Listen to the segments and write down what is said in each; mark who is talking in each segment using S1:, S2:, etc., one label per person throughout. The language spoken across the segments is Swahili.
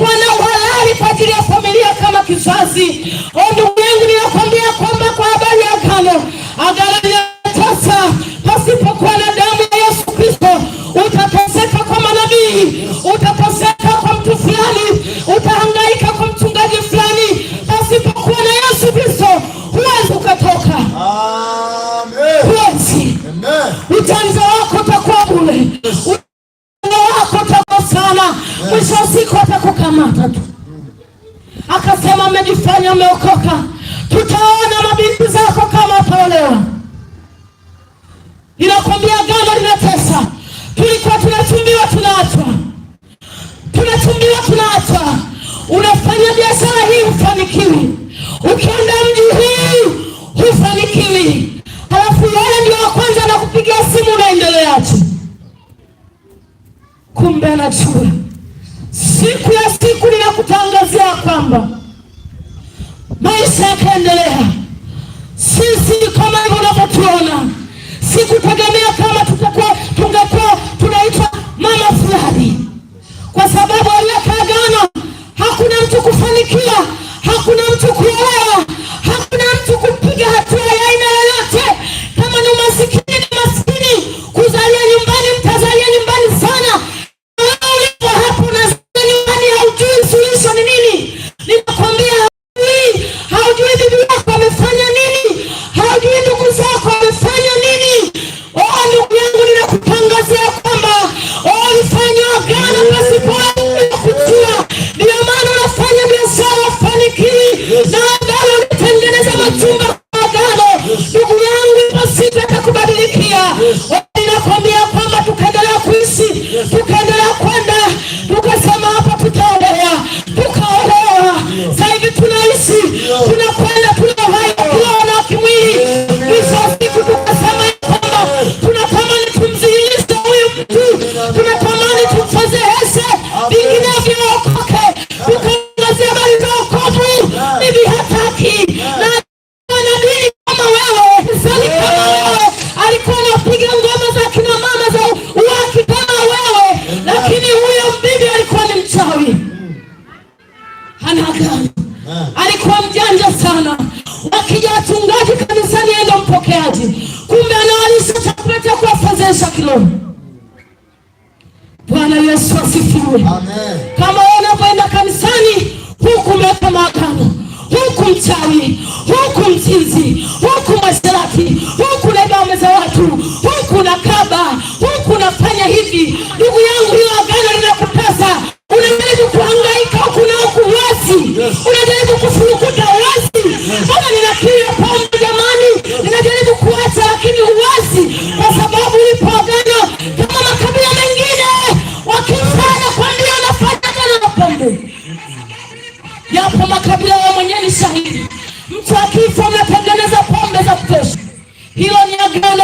S1: wako wanaohalali kwa ajili ya familia kama kizazi. Ndugu yangu, ninakwambia kwamba kwa habari ya agano, agano kwani ameokoka, Tutaona mabinti zako kama wataolewa. Inakwambia gama linatesa. Tulikuwa tunachumbiwa tunaachwa, tunachumbiwa tunaachwa. Unafanya biashara hii hufanikiwi, ukienda mji hii hufanikiwi, halafu yeye ndio wa kwanza na kupigia simu, tu. Kumbe anachua Siku ya siku ninakutangazia kwamba zako endelea. Sisi kama hivyo unavyotuona, sikutegemea anagana. Alikuwa mjanja sana, wakija wachungaji kanisani enda mpokeaji, kumbe anawalisha chakula cha kuwafezesha kiroho. Bwana Yesu asifiwe. Kama unapoenda kanisani, huku meka maagano, huku mchawi, huku mzinzi, huku masharati huku unaiba wameza watu, huku kaba huku unafanya hivi, ndugu yangu, hilo agano linakutesa, unajaribu kuanga makabila wa mwenyewe ni shahidi. Mtu akifa unatengeneza pombe za kutosha, hilo ni agano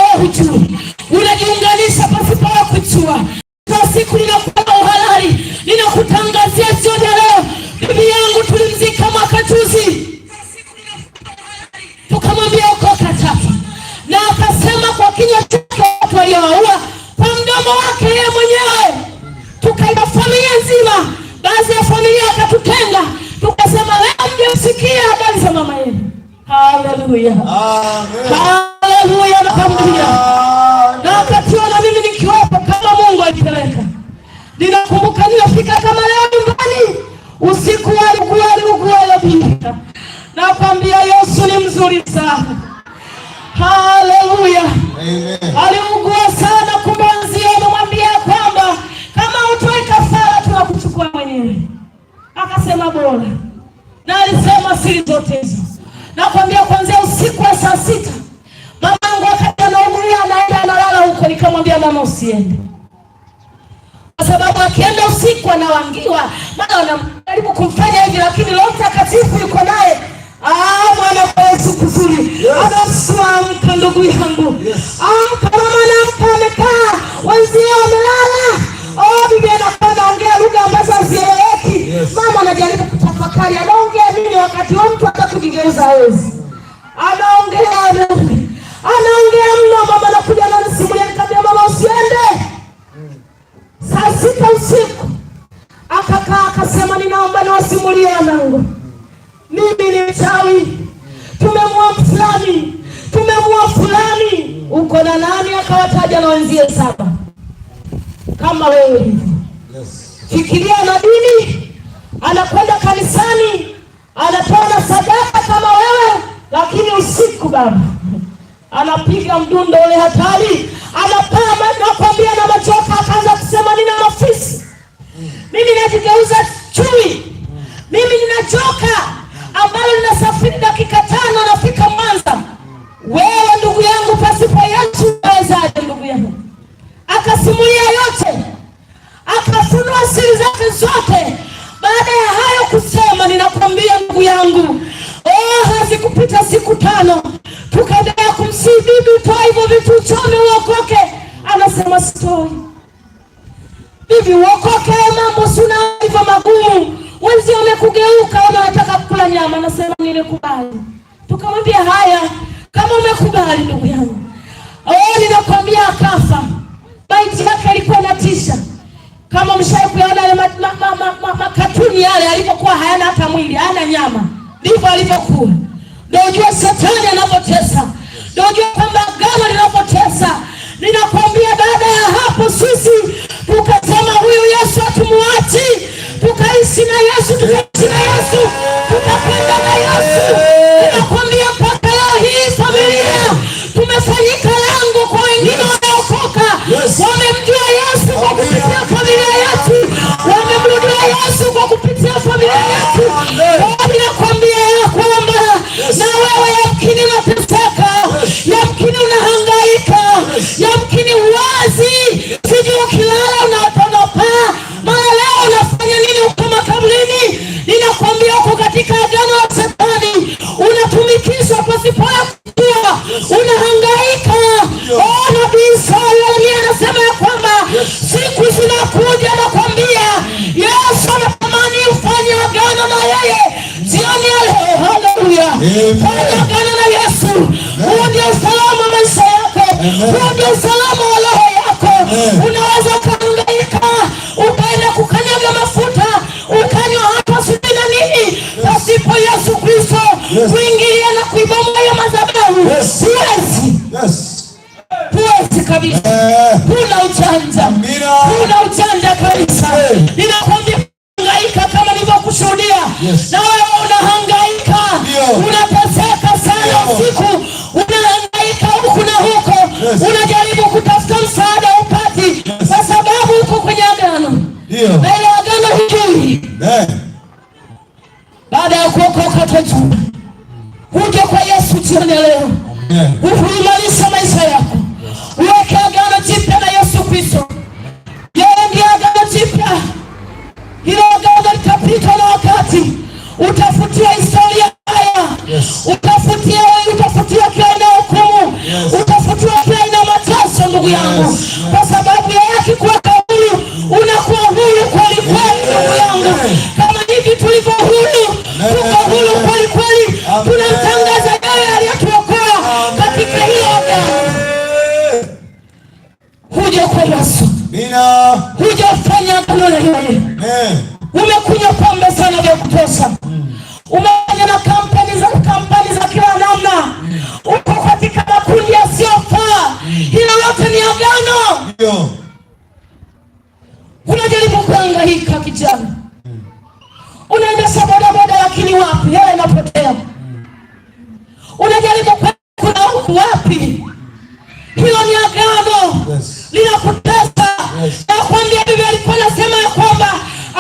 S1: aliugua sana, kumbe wenzio wamemwambia kwamba kama hutoi kafara tunakuchukua mwenyewe. Akasema bora, na alisema siri zote hizo. Nakwambia kwanzia usiku wa saa sita mamangu akaja anaugua, anaenda analala huko. Nikamwambia mama, usiende kwa sababu akienda usiku anawangiwa, maana wanajaribu kumfanya hivi, lakini Roho Mtakatifu yuko naye Ah, Bwana Yesu kuzuri. Anasimamka ndugu yangu. Ah, kama mwanamke amekaa, wenzio wamelala. Oh, bibi anakuwa anaongea lugha ambazo hazieleweki. Mama anajaribu kutafakari, anaongea nini wakati wa mtu hata kujigeuza hawezi. Anaongea nini? Anaongea mno, mama anakuja ananisimulia, nikamwambia mama usiende. Saa sita usiku akakaa akasema, ninaomba niwasimulie wanangu mimi ni mchawi, tumemua fulani, tumemua fulani. Uko na nani? Akawataja na wenzie saba kama wewe hivyo. Fikiria na dini, anakwenda kanisani, anatoa na sadaka kama wewe, lakini usiku baba anapiga mdundo ule hatari, anapaa nakwambia, na machoka, akaanza kusema nina mafisi mimi, najigeuza chui mimi, ninachoka ambalo linasafiri dakika tano nafika Mwanza. Wewe ndugu yangu, pasipo Yesu awezaje? Ndugu yangu akasimulia yote, akafunua siri zake zote. Baada ya hayo kusema, ninakwambia ndugu yangu, oh, hazikupita siku tano, tukaendelea kumsii bibi, toa hivyo vitu uchome uokoke. Anasema stori bibi, uokoke, mambo sunaiva magumu Wenzi wamekugeuka, wataka kukula nyama, nasema nilikubali. Tukamwambia haya, kama umekubali ndugu yangu, oh, ninakwambia akafa. Maiti yake ilikuwa natisha kama mshawahi kuyaona yale makatuni yale, alivyokuwa hayana hata mwili, hayana nyama, ndivyo alivyokuwa. Ndio ujue shetani anapotesa, ndio ujue kwamba agano linapotesa. Ninakwambia baada ya hapo sisi tukasema huyu Yesu hatumuachi tukaishi na Yesu, tukaishi na Yesu, tutakwenda na Yesu. pito na wakati, utafutia historia haya, utafutia wewe, utafutia kila aina hukumu, utafutia kila aina mateso, ndugu yangu, kwa sababu ya yeye akikuweka huru unakuwa huru kweli kweli, ndugu yangu, kama hivi tulivyo huru, tuko huru kweli kweli, tunamtangaza yeye aliyetuokoa katika hiyo huja kwa Yesu, hujafanya agano lolote linakutesa nakwambia, Biblia alikuwa nasema ya kwamba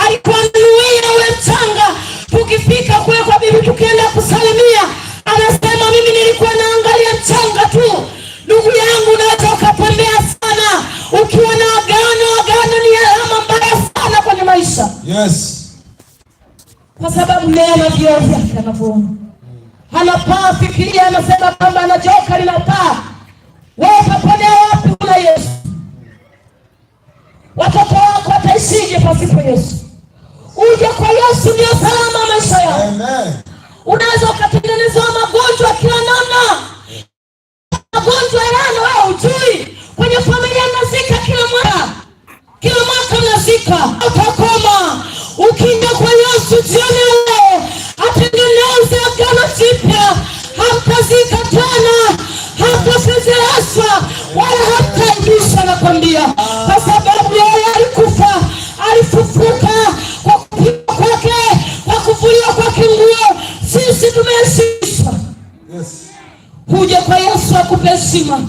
S1: alikuwa anuia mchanga, tukifika kule kwa bibi, tukienda kusalimia, anasema mimi nilikuwa naangalia mchanga tu. Ndugu yangu, unaweza ukapembea sana ukiwa na agano. Agano ni alama mbaya sana kwenye maisha yes. Kwa sababu neema vioo anavyoona anapaa, fikiria, anasema kwamba anajoka joka linapaa, wewe utaponea wapi? Kuna Yesu watoto wako wataishije pasipo Yesu? Uje kwa Yesu, ndio salama maisha yao. Unaweza ukatengenezewa magonjwa kila namna, magonjwa yana wewe uju 信吗？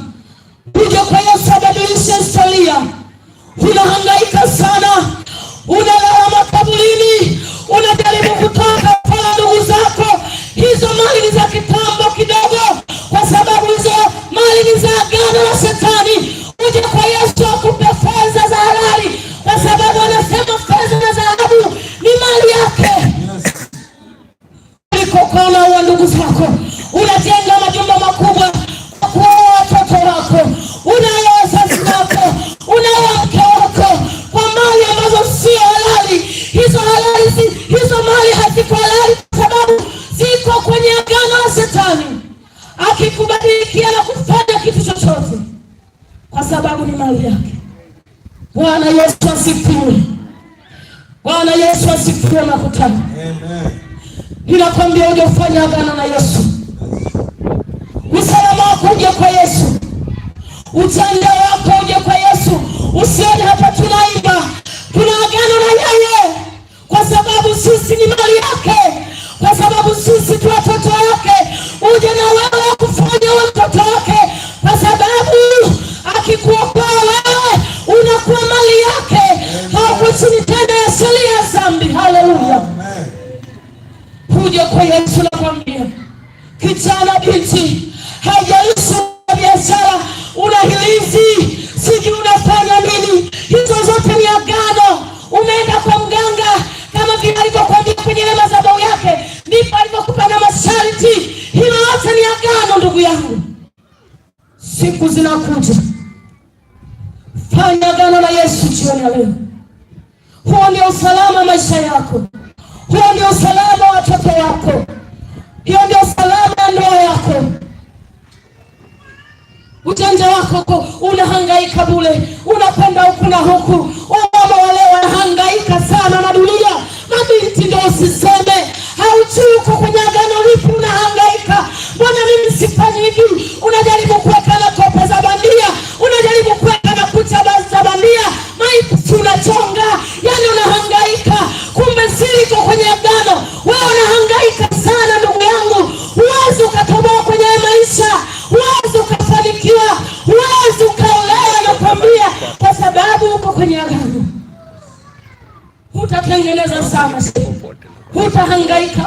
S1: Ujanja wako unahangaika bule, unapenda huku na huku. Wamama wale wanahangaika sana na dunia, Mabinti ndio usiseme, haujui uko kwenye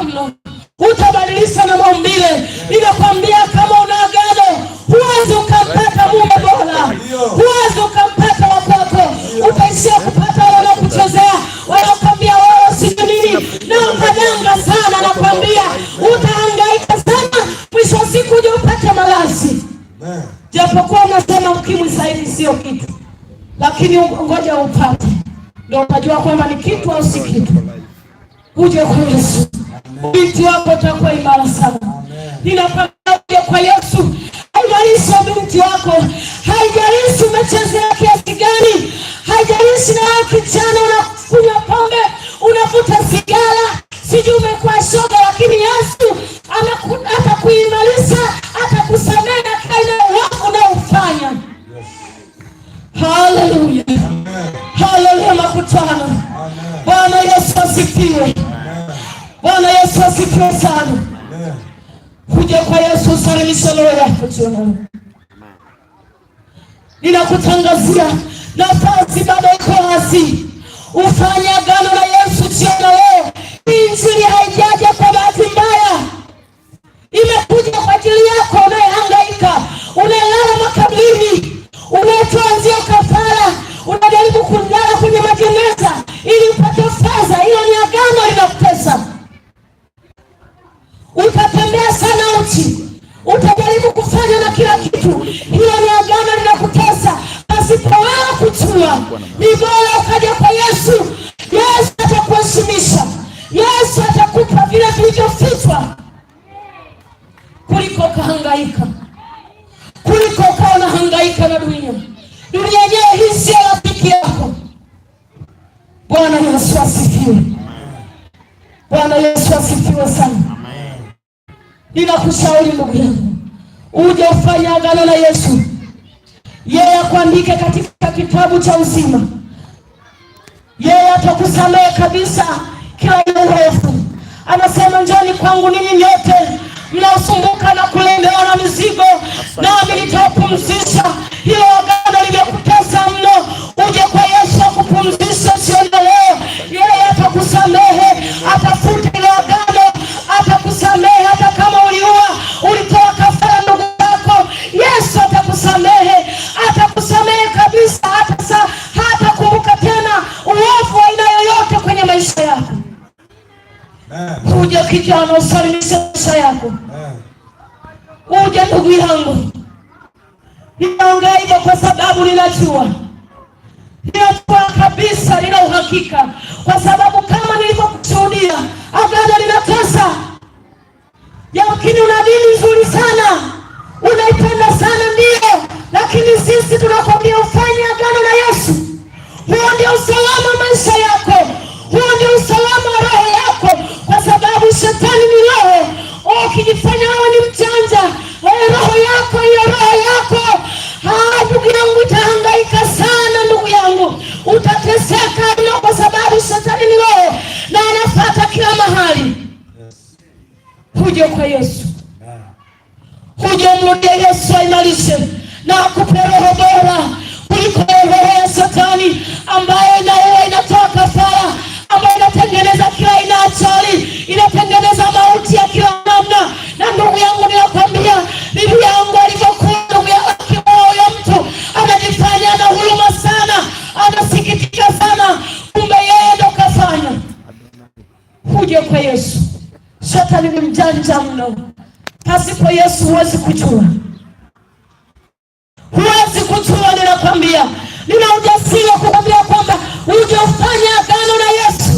S1: agano, utabadilisha na maumbile. Ninakwambia kama una agano, huwezi ukampata mume bora, huwezi ukampata watoto, utaishia kupata wanaokuchezea, wanaokwambia wao si nini, na ukajanga sana. Nakwambia utahangaika sana, mwisho wa siku uje upate malazi. Japokuwa unasema ukimwi sahivi sio kitu, lakini ngoja upate, ndio utajua kwamba ni kitu au si kitu. Uje kwa Yesu binti wako utakuwa imara sana. Ninapanga Bwana Yesu asifiwe sana. Kuja kwa Yesu sana misolo yako jioni. Ninakutangazia nafasi bado iko wazi. Ufanye agano na Yesu jioni leo. Injili haijaja kwa bahati mbaya. Imekuja kwa ajili yako unayehangaika, unayelala makaburini, unayetoa nzio kafara, unajaribu kulala kwenye majeneza ili upate faza. Hilo ni agano linakutesa utatembea sana uchi, utajaribu kufanya na kila kitu. Hilo ni agano linakutesa pasipowala kutua. Ni bora ukaja kwa Yesu. Yesu atakuheshimisha, Yesu atakupa vile vilivyofichwa kuliko ukahangaika, kuliko ukawa unahangaika na dunia. Dunia yenyewe hii sio rafiki yako. Bwana Yesu asifiwe. Bwana Yesu asifiwe sana. Ninakushauri ndugu yangu, uje ufanye agano na Yesu, yeye akuandike katika kitabu cha uzima. Yeye atakusamehe kabisa kila uovu. Anasema, njoni kwangu ninyi nyote mnaosumbuka na kulemewa na mizigo, nami nitawapumzisha. Hilo agano limekutesa mno, uje kwa Yesu akupumzishe. Siona leo yeye atakusamehe, atafute na agano atakusamehe hata kama uliua, ulitoa kafara ndugu yako. Yesu atakusamehe, atakusamehe kabisa, hata saa hatakumbuka tena uovu wa aina yoyote kwenye maisha yako. huja kijana, usalimishe maisha yako. Kuja ndugu yangu, ninaongea kwa sababu ninajua ninajua kabisa, nina uhakika kwa sababu kama nilivyokushuhudia, agano linatesa ya ukini. Una dini nzuri sana, unaipenda sana ndio, lakini sisi tunakwambia ufanye agano na Yesu. Huo ndio usalama maisha yako, huo ndio usalama wa roho yako, kwa sababu shetani ni roho. Oh, ukijifanya wewe ni mjanja, roho yako hiyo, roho yako ah, ndugu yangu itahangaika sana, ndugu yangu utateseka, kwa sababu shetani ni roho na anafata kila mahali kuja kwa Yesu, kuja mrudie Yesu aimalize na akupe roho bora kuliko roho ya Satani ambayo yeye inatoa kafara, ambayo inatengeneza kila aina ya ajali, inatengeneza mauti ya kila namna. Na ndugu yangu, ninakwambia bibi yangu alivyokuwa ndugu yake, moyo ya mtu anajifanya na huruma sana, anasikitika sana, kumbe yeye ndo kafanya. Kuja kwa Yesu. Shetani ni mjanja mno. Pasipo Yesu huwezi kujua, huwezi kujua. Ninakwambia, nina ujasiri wa kukwambia kwamba ujofanya agano na Yesu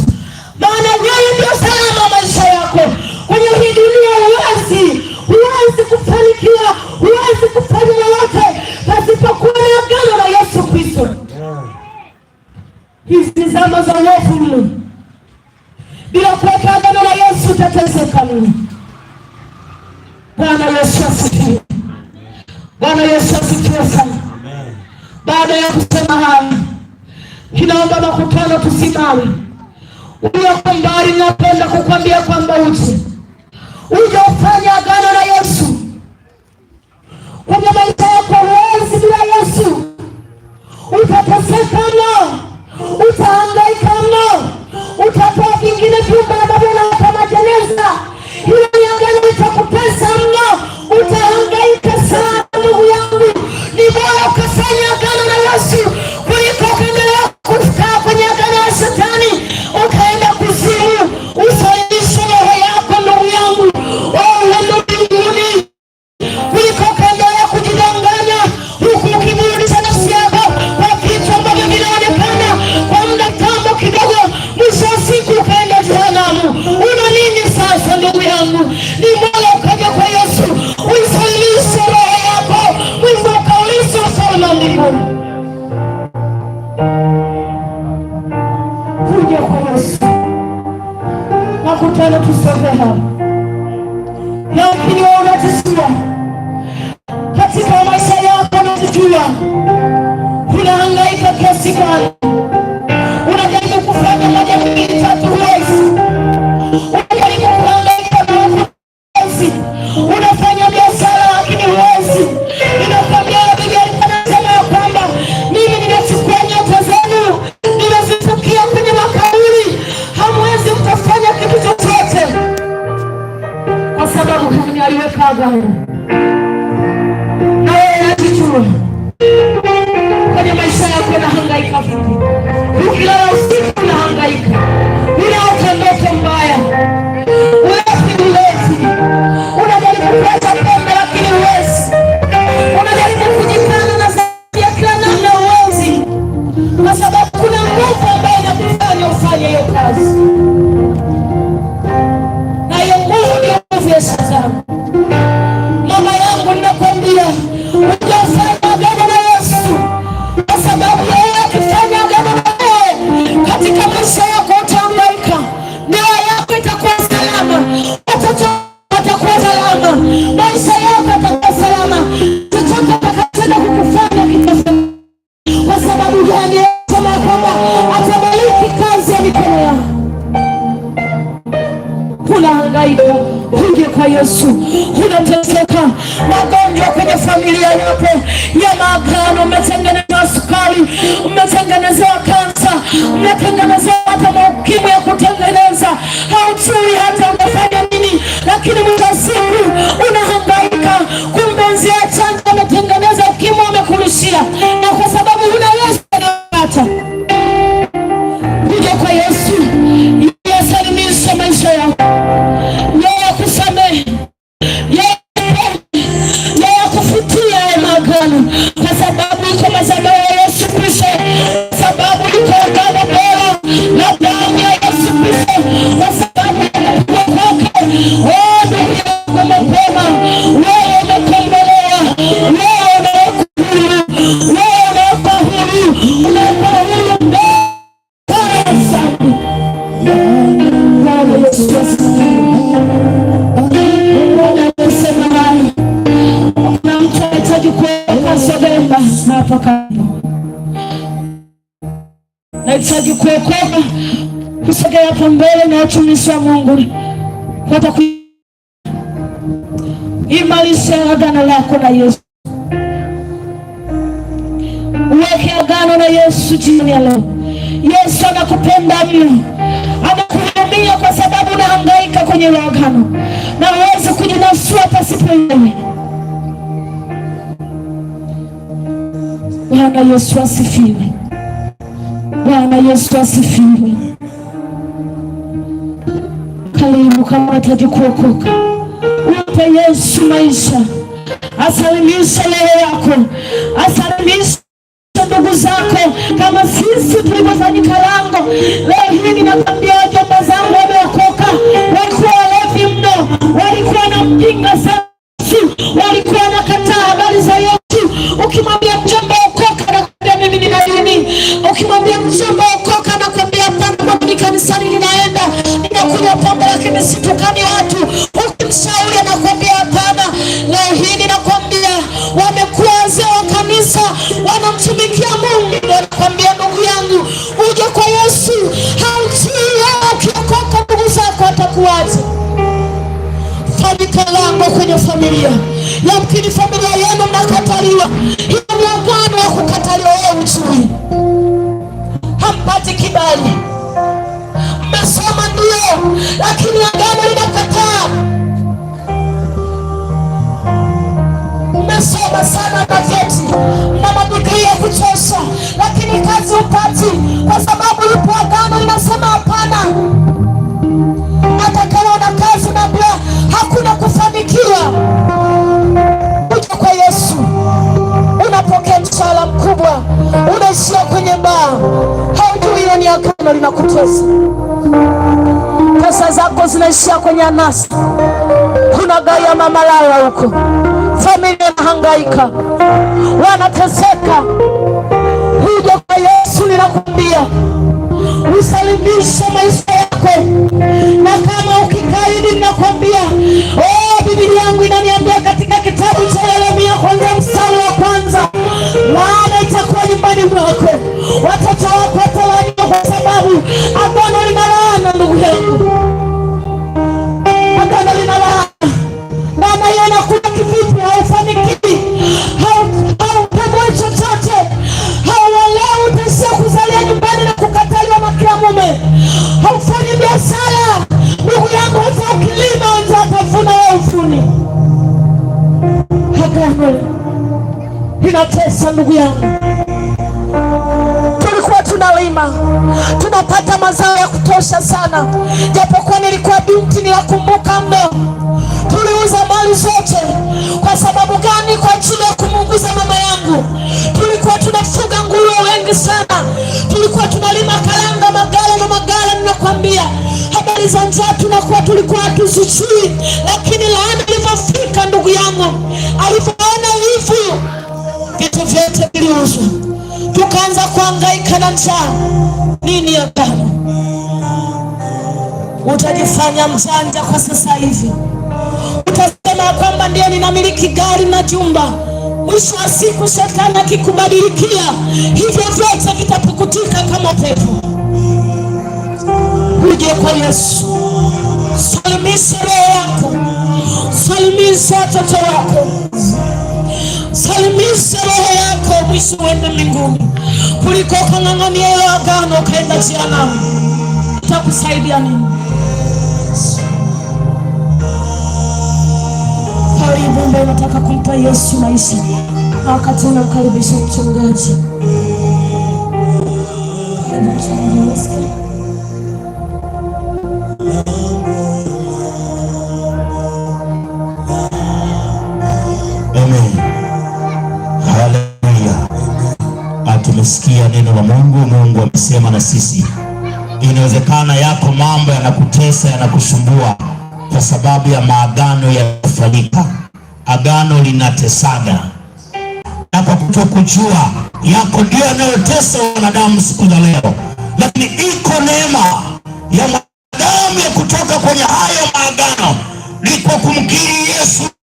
S1: Malawi ulioko napenda kukwambia kwamba utu uliofanya agano na Yesu sana, wametengeneza ukimwi, amekurushia unahitaji kuokoka, usogea hapo mbele na watumishi wa Mungu watakuimarisha agano lako na Yesu. Uweke agano na Yesu jioni ya leo. Yesu anakupenda mno, anakuhurumia kwa sababu unahangaika kwenye ile agano na uweze kujinasua pasipo yeye. Bwana Yesu asifiwe. Bwana Yesu asifiwe. Karibu kama unahitaji kuokoka, mpe Yesu maisha, asalimishe leo yako, asalimishe ndugu zako, kama sisi tulivyofanyika lango. Leo hii ninakwambia, jomba zangu haupati, kwa sababu lipo agano linasema hapana. Atakawa na kazi na hakuna kufanikiwa, kuja kwa Yesu unapokea mshahara mkubwa, unaishia kwenye baa, haujui hilo ni agano linakutesa. Pesa zako zinaishia kwenye anasa, kuna gaya mamalala huko, familia inahangaika, wanateseka. anakusalimisha maisha yako, na kama ukikaidi, ninakwambia oh, Biblia yangu inaniambia katika kitabu cha Yeremia kuanzia mstari wa kwanza, maana itakuwa nyumbani mwako watoto wako ndugu yangu, tulikuwa tunalima tunapata mazao ya kutosha sana. Japokuwa nilikuwa binti, ninakumbuka mno, tuliuza mali zote. Kwa sababu gani? Kwa ajili ya kumunguza mama yangu. Tulikuwa tunafuga nguruwe wengi sana, tulikuwa tunalima karanga, magala na magala. Ninakwambia habari za njaa tunakuwa tulikuwa hatuzijui, lakini tuliuzwa, tukaanza kuangaika na njaa. Nini agano? Utajifanya mjanja kwa sasa hivi, utasema kwamba ndiye ninamiliki gari na jumba. Mwisho wa siku, shetani akikubadilikia, hivyo vyote vitapukutika kama pepo. Uje kwa Yesu, salimisha roho yako, salimisha watoto wako Salimisha roho yako mwisho uende mbinguni kuliko kang'ang'ania hiyo agano ukaenda jehanamu. Itakusaidia nini? Karibu mbe, unataka kumpa Yesu maisha, na mchungaji. unamkaribisha mchungaji wa Mungu. Mungu amesema na sisi. Inawezekana yako mambo yanakutesa, yanakusumbua kwa sababu ya maagano yaliyofanyika. Agano linatesaga, na kwa kutokujua yako ndio yanayotesa wanadamu siku za leo, lakini iko neema ya mwanadamu ya kutoka kwenye hayo maagano, liko kumkiri Yesu